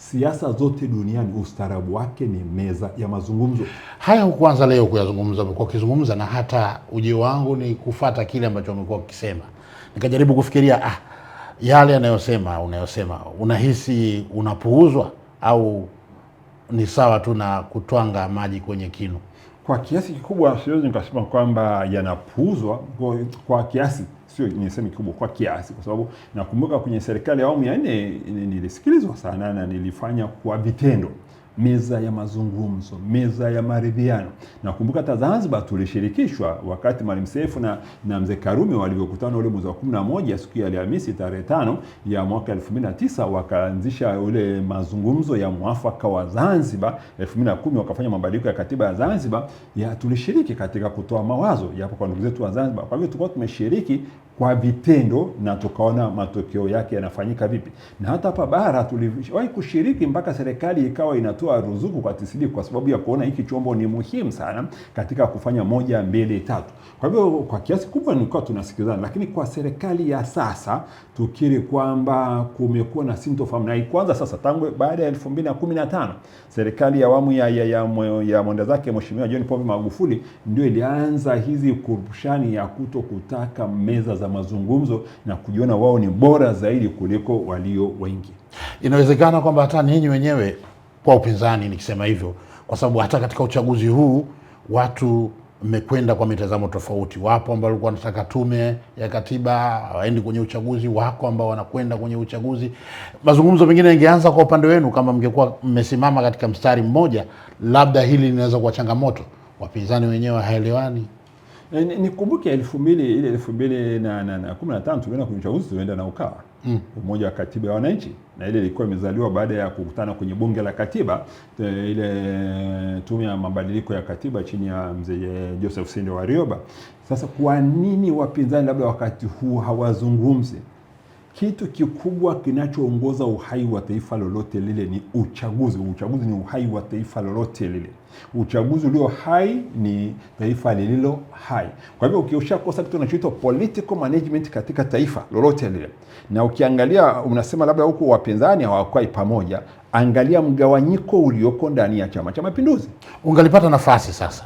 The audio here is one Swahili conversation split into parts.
siasa zote duniani ustaarabu wake ni meza ya mazungumzo. Haya hukuanza leo kuyazungumza, amekuwa ukizungumza na hata ujio wangu ni kufata kile ambacho amekuwa ukisema Nikajaribu kufikiria ah, yale anayosema unayosema, unahisi unapuuzwa au ni sawa tu na kutwanga maji kwenye kinu? Kwa kiasi kikubwa siwezi nikasema kwamba yanapuuzwa kwa kiasi sio niseme kikubwa, kwa kiasi, kwa sababu nakumbuka kwenye serikali ya awamu ya nne nilisikilizwa sana na nilifanya kwa vitendo meza ya mazungumzo, meza ya maridhiano. Nakumbuka hata Zanzibar tulishirikishwa wakati Mwalimu Seif na, na Mzee Karume walivyokutana ule mwezi wa 11 siku ya Alhamisi tarehe tano ya mwaka 2009 wakaanzisha ule mazungumzo ya mwafaka wa Zanzibar. 2010 wakafanya mabadiliko ya katiba ya Zanzibar ya tulishiriki katika kutoa mawazo yapo kwa ndugu zetu wa Zanzibar. Kwa hivyo tulikuwa tumeshiriki kwa vitendo na tukaona matokeo yake yanafanyika vipi. Na hata hapa bara tuliwahi kushiriki mpaka serikali ikawa inatoa ruzuku kwa TCD kwa sababu ya kuona hiki chombo ni muhimu sana katika kufanya moja, mbili, tatu. Kwa hivyo kwa kiasi kubwa nilikuwa tunasikilizana, lakini kwa serikali ya sasa tukiri kwamba kumekuwa na sintofahamu na ikwanza sasa tangu baada ya 2015 serikali ya awamu ya, ya, ya, ya mwenda zake Mheshimiwa John Pombe Magufuli ndio ilianza hizi kurupushani ya kuto kutaka meza za mazungumzo na kujiona wao ni bora zaidi kuliko walio wengi. Inawezekana kwamba hata ninyi wenyewe kwa upinzani, nikisema hivyo, kwa sababu hata katika uchaguzi huu watu mmekwenda kwa mitazamo tofauti. Wapo ambao walikuwa wanataka tume ya katiba, waendi kwenye uchaguzi, wako ambao wanakwenda kwenye uchaguzi. Mazungumzo mengine yangeanza kwa upande wenu kama mngekuwa mmesimama katika mstari mmoja, labda hili linaweza kuwa changamoto. Wapinzani wenyewe haelewani. Eh, nikumbuke elfu mbili ile elfu mbili na, na, na kumi na tano tumeenda kwenye uchaguzi tulienda na UKAWA mm. Umoja wa Katiba ya Wananchi, na ile ilikuwa imezaliwa baada ya kukutana kwenye Bunge la Katiba, ile eh, tume ya mabadiliko ya katiba chini ya mzee eh, Joseph Sinde Warioba. Sasa kwa nini wapinzani labda wakati huu hawazungumzi? Kitu kikubwa kinachoongoza uhai wa taifa lolote lile ni uchaguzi. Uchaguzi ni uhai wa taifa lolote lile. Uchaguzi ulio hai ni taifa lililo hai. Kwa hivyo ukishakosa kitu kinachoitwa political management katika taifa lolote lile, na ukiangalia unasema labda huku wapinzani hawakai pamoja, angalia mgawanyiko ulioko ndani ya Chama cha Mapinduzi. Ungalipata nafasi sasa,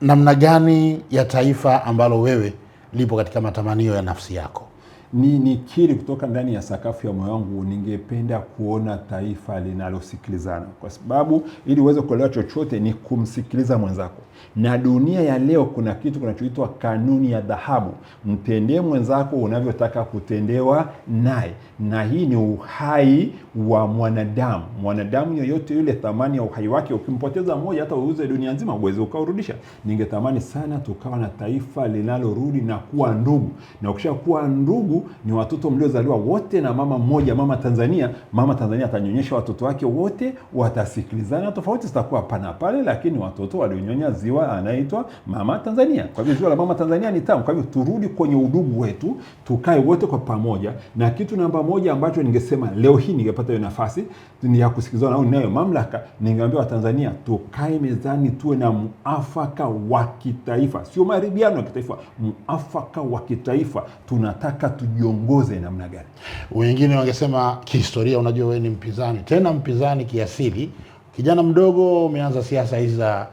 namna gani ya taifa ambalo wewe lipo katika matamanio ya nafsi yako ni nikiri kutoka ndani ya sakafu ya moyo wangu, ningependa kuona taifa linalosikilizana, kwa sababu ili uweze kuelewa chochote ni kumsikiliza mwenzako. Na dunia ya leo kuna kitu kinachoitwa kanuni ya dhahabu, mtendee mwenzako unavyotaka kutendewa naye. Na hii ni uhai wa mwanadamu. Mwanadamu yoyote yule, thamani ya uhai wake, ukimpoteza mmoja, hata uuze dunia nzima, uweze ukaurudisha. Ningetamani sana tukawa na taifa linalorudi na kuwa ndugu, na ukishakuwa ndugu ni watoto mliozaliwa wote na mama mmoja, mama Tanzania. Mama Tanzania atanyonyesha watoto wake wote, watasikilizana, tofauti zitakuwa pana pale, lakini watoto walionyonya ziwa anaitwa mama Tanzania. Kwa hivyo ziwa la mama Tanzania ni tamu. Kwa hivyo turudi kwenye udugu wetu, tukae wote kwa pamoja, na kitu namba moja ambacho ningesema leo hii ningepata hiyo nafasi ni ya kusikilizwa au ninayo mamlaka, ningeambia Watanzania tukae mezani, tuwe na muafaka wa kitaifa, sio maridhiano ya kitaifa, muafaka wa kitaifa tunataka tu tujiongoze namna gani? Wengine wangesema kihistoria, unajua wewe ni mpinzani, tena mpinzani kiasili. Kijana mdogo umeanza siasa hizi za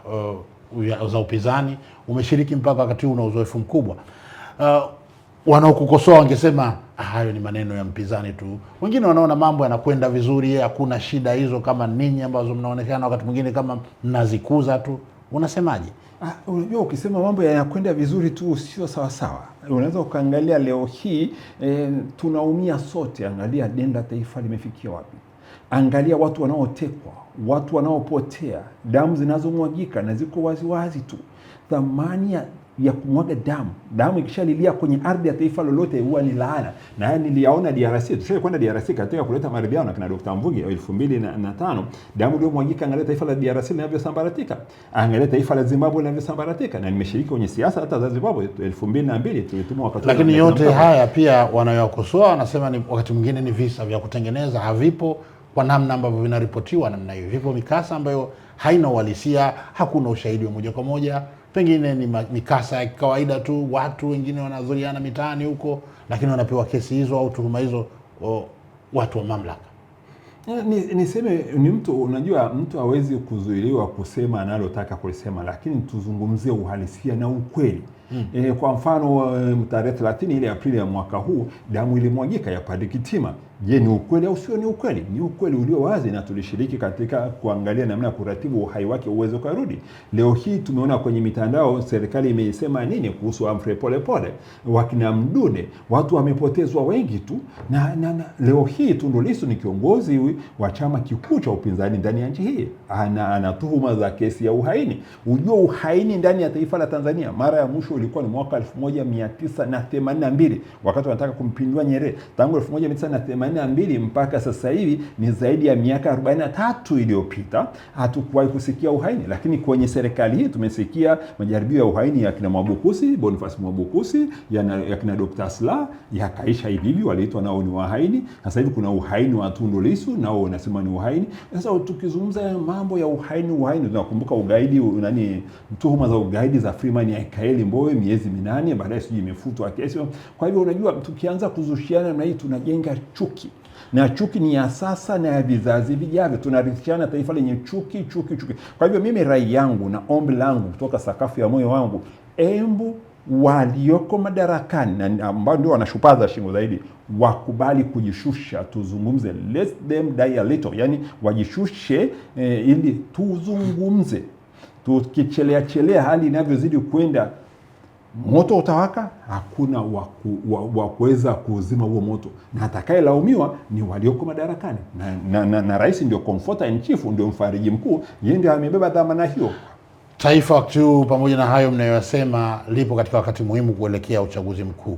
uh, za upinzani, umeshiriki mpaka wakati huu, una uzoefu mkubwa uh, wanaokukosoa wangesema ah, hayo ni maneno ya mpinzani tu. Wengine wanaona mambo yanakwenda vizuri, hakuna shida hizo kama ninyi ambazo mnaonekana wakati mwingine kama mnazikuza tu unasemaje? Ah, unajua ukisema mambo yanakwenda vizuri tu sio sawasawa. Unaweza ukaangalia leo hii e, tunaumia sote. Angalia denda taifa limefikia wapi, angalia watu wanaotekwa, watu wanaopotea, damu zinazomwagika na ziko waziwazi tu. Thamani ya ya kumwaga damu. Damu ikishalilia kwenye ardhi ya taifa lolote huwa ni laana, na haya niliyaona DRC. kwenda DRC katika kuleta maridhiano kina Dr. Mvungi 2005, damu iliyomwagika. Angalia taifa la DRC linavyosambaratika, angalia taifa la Zimbabwe linavyosambaratika, na nimeshiriki kwenye siasa hata za Zimbabwe 2002 tulitumwa wakati. Lakini yote haya pia wanayokosoa wanasema ni wakati mwingine ni visa vya kutengeneza, havipo kwa namna ambavyo vinaripotiwa namna hiyo. Vipo mikasa ambayo haina uhalisia, hakuna ushahidi wa moja kwa moja pengine ni mikasa ya kawaida tu, watu wengine wanadhuriana mitaani huko, lakini wanapewa kesi hizo au tuhuma hizo watu wa mamlaka. Niseme ni, ni mtu unajua, mtu hawezi kuzuiliwa kusema analotaka kulisema, lakini tuzungumzie uhalisia na ukweli mm. E, kwa mfano eh, tarehe 30 ile Aprili ya mwaka huu damu ilimwagika ya Padri Kitima. Je, ni ukweli au sio? Ni ukweli, ni ukweli ulio wazi, na tulishiriki katika kuangalia namna ya kuratibu uhai wake uweze kurudi. Leo hii tumeona kwenye mitandao serikali imeisema nini kuhusu Humphrey Polepole, wakina Mdude, watu wamepotezwa wengi tu na, na, na leo hii Tundu Lissu ni kiongozi wa chama kikuu cha upinzani ndani ya nchi hii, ana, ana tuhuma za kesi ya uhaini. Ujua uhaini ndani ya taifa la Tanzania mara ya mwisho ulikuwa ni mwaka 1982 wakati wanataka kumpindua Nyerere. Tangu 1982 mpaka sasa hivi ni zaidi ya miaka 43 iliyopita, hatukuwahi kusikia uhaini, lakini kwenye serikali hii tumesikia majaribio ya uhaini ya kina Mwabukusi, Boniface Mwabukusi, ya kina Dr. Sla yakaisha hivi hivi, waliitwa nao ni wahaini. Sasa hivi kuna uhaini wa Tundu Lissu, nao wanasema ni uhaini. Sasa tukizungumza mambo ya uhaini, uhaini tunakumbuka ugaidi, nani, tuhuma za ugaidi za Freeman Aikaeli Mbowe wewe miezi minane, baadaye sijui imefutwa kesi. Kwa hivyo unajua, tukianza kuzushiana na hii tunajenga chuki na chuki ni ya sasa na ya vizazi vijavyo. Tunarithishana taifa lenye chuki, chuki, chuki. Kwa hivyo mimi rai yangu na ombi langu kutoka sakafu ya moyo wangu, embu walioko madarakani na ambao ndio wanashupaza shingo zaidi wakubali kujishusha, tuzungumze, let them die a little, yani wajishushe eh, ili tuzungumze. Tukichelea chelea hali inavyozidi kwenda moto utawaka, hakuna wa kuweza kuuzima huo moto, na atakayelaumiwa ni walioko madarakani na, na, na, na rais ndio komfota in chief, ndio mfariji mkuu, yeye ndio amebeba dhamana hiyo. Taifa wakati huu, pamoja na hayo mnayoyasema, lipo katika wakati muhimu kuelekea uchaguzi mkuu.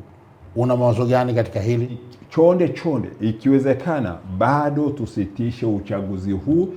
Una mawazo gani katika hili? Chonde chonde, ikiwezekana bado tusitishe uchaguzi huu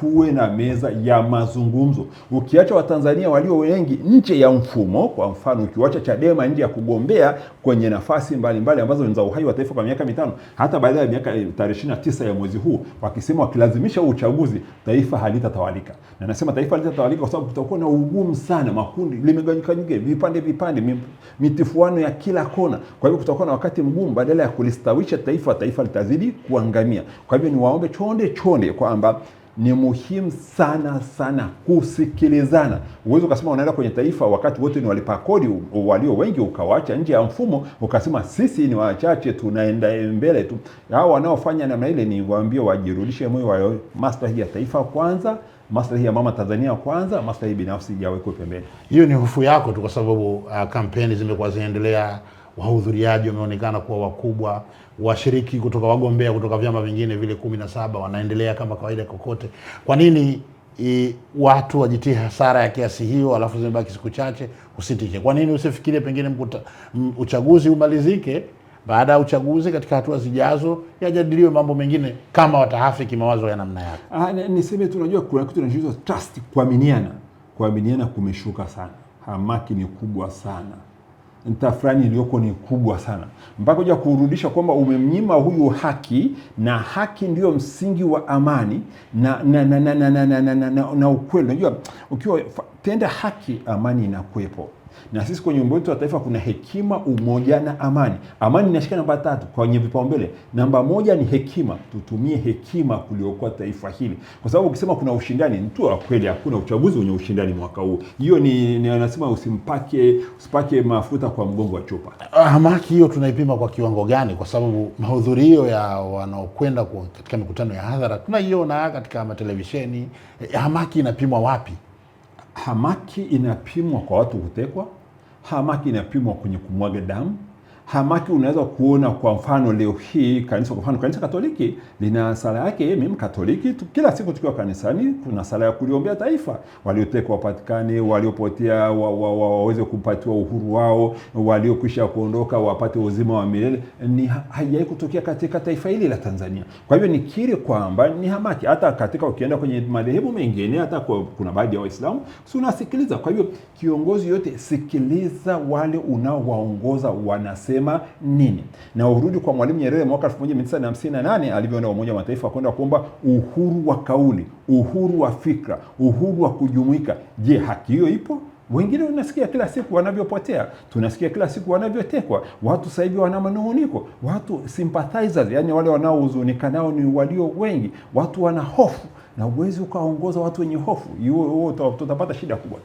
kuwe na meza ya mazungumzo. Ukiacha Watanzania walio wengi nje ya mfumo, kwa mfano ukiwacha Chadema nje ya kugombea kwenye nafasi mbalimbali mbali, ambazo ni za uhai wa taifa kwa miaka mitano, hata baada ya miaka eh, tarehe 29 ya mwezi huu, wakisema wakilazimisha huu uchaguzi, taifa halitatawalika. Na nasema taifa halitatawalika kwa sababu kutakuwa na ugumu sana, makundi limegawanyikanyike, vipande vipande, mitifuano ya kila kona. Kwa hivyo kutakuwa na wakati mgumu, badala ya kulistawisha taifa, taifa litazidi kuangamia. Kwa hivyo niwaombe chonde chonde kwamba ni muhimu sana sana kusikilizana. Uwezi ukasema unaenda kwenye taifa wakati wote ni walipa kodi walio wengi, ukawaacha nje ya mfumo, ukasema sisi ni wachache, tunaenda mbele tu. Hao wanaofanya namna ile, ni waambie wajirudishe moyo wa maslahi ya taifa kwanza, maslahi ya mama Tanzania kwanza, maslahi binafsi yawekwe pembeni. Hiyo ni hofu yako tu, kwa sababu uh, kampeni zimekuwa zinaendelea wahudhuriaji wameonekana kuwa wakubwa, washiriki kutoka wagombea kutoka vyama vingine vile kumi na saba wanaendelea kama kawaida kokote. Kwa nini i, watu wajitie hasara ya kiasi hiyo, alafu zimebaki siku chache usitike? Kwa nini usifikirie pengine mkuta, m, uchaguzi umalizike, baada ya uchaguzi katika hatua zijazo yajadiliwe mambo mengine, kama watahafiki mawazo ya namna yake. Ah, niseme tu, unajua kuna kitu kinachoitwa trust, kuaminiana. Kuaminiana kumeshuka sana, hamaki ni kubwa sana nta fulani iliyoko ni kubwa sana mpaka uja kurudisha kwamba umemnyima huyu haki, na haki ndiyo msingi wa amani na, na, na, na, na, na, na, na, na ukweli. Unajua, ukiwa tenda haki, amani inakuwepo na sisi kwenye umbo wetu wa taifa kuna hekima, umoja na amani. Amani inashika namba tatu kwenye vipaumbele. Namba moja ni hekima, tutumie hekima kuliokoa taifa hili, kwa sababu ukisema kuna ushindani mtu wa kweli, hakuna uchaguzi wenye ushindani mwaka huu. Hiyo ni, ni anasema usimpake usipake mafuta kwa mgongo wa chupa. Ah, Hamaki hiyo tunaipima kwa kiwango gani? Kwa sababu mahudhurio ya wanaokwenda katika mikutano ya hadhara tunaiona katika matelevisheni. Eh, Hamaki inapimwa wapi? hamaki inapimwa kwa watu kutekwa, hamaki inapimwa kwenye kumwaga damu, hamaki unaweza kuona kwa mfano leo hii kanisa, kwa mfano kanisa Katoliki lina sala yake. Mimi Mkatoliki, kila siku tukiwa kanisani kuna sala ya kuliombea taifa, waliotekwa wapatikane, waliopotea waweze wa, wa, kupatiwa uhuru wao, waliokwisha kuondoka wapate uzima wa milele. Ni haijai kutokea katika taifa hili la Tanzania. Kwa hivyo nikiri kwamba ni hamaki, hata katika ukienda kwenye madhehebu mengine, hata kwa, kuna baadhi ya Waislamu si unasikiliza. Kwa hivyo kiongozi yote, sikiliza wale unaowaongoza wanasema wanasema nini. Na urudi kwa Mwalimu Nyerere mwaka 1958 alivyoenda Umoja wa Mataifa kwenda kuomba uhuru wa kauli, uhuru wa fikra, uhuru wa kujumuika. Je, haki hiyo ipo? Wengine unasikia kila siku wanavyopotea, tunasikia kila siku wanavyotekwa. Watu sasa hivi wana manung'uniko, watu sympathizers, yani wale wanaohuzunika nao ni walio wengi. Watu wana hofu na uwezi ukaongoza watu wenye hofu, hiyo tutapata shida kubwa.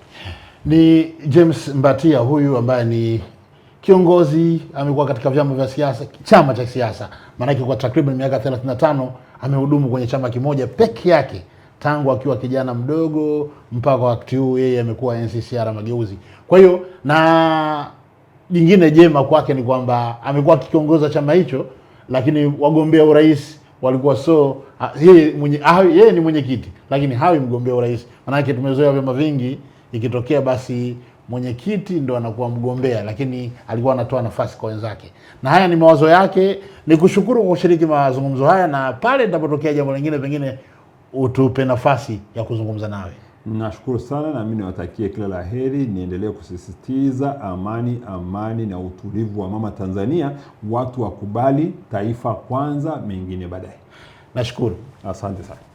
Ni James Mbatia huyu ambaye ni kiongozi amekuwa katika vyama vya siasa, chama cha siasa, maanake kwa takriban miaka 35 amehudumu kwenye chama kimoja peke yake tangu akiwa kijana mdogo mpaka wakati huu yeye amekuwa NCCR Mageuzi. Kwa hiyo na jingine jema kwake ni kwamba amekuwa akikiongoza chama hicho, lakini wagombea urais walikuwa so yeye mwenye, yeye ni mwenyekiti, lakini hawi mgombea urais, maanake tumezoea vyama vingi ikitokea basi mwenyekiti ndo anakuwa mgombea, lakini alikuwa anatoa nafasi kwa wenzake, na haya ni mawazo yake. Ni kushukuru kwa kushiriki mazungumzo haya, na pale nitapotokea jambo lingine, pengine utupe nafasi ya kuzungumza nawe. Nashukuru sana, na mimi niwatakie kila la heri. Niendelee kusisitiza amani, amani na utulivu wa mama Tanzania. Watu wakubali taifa kwanza, mengine baadaye. Nashukuru, asante sana.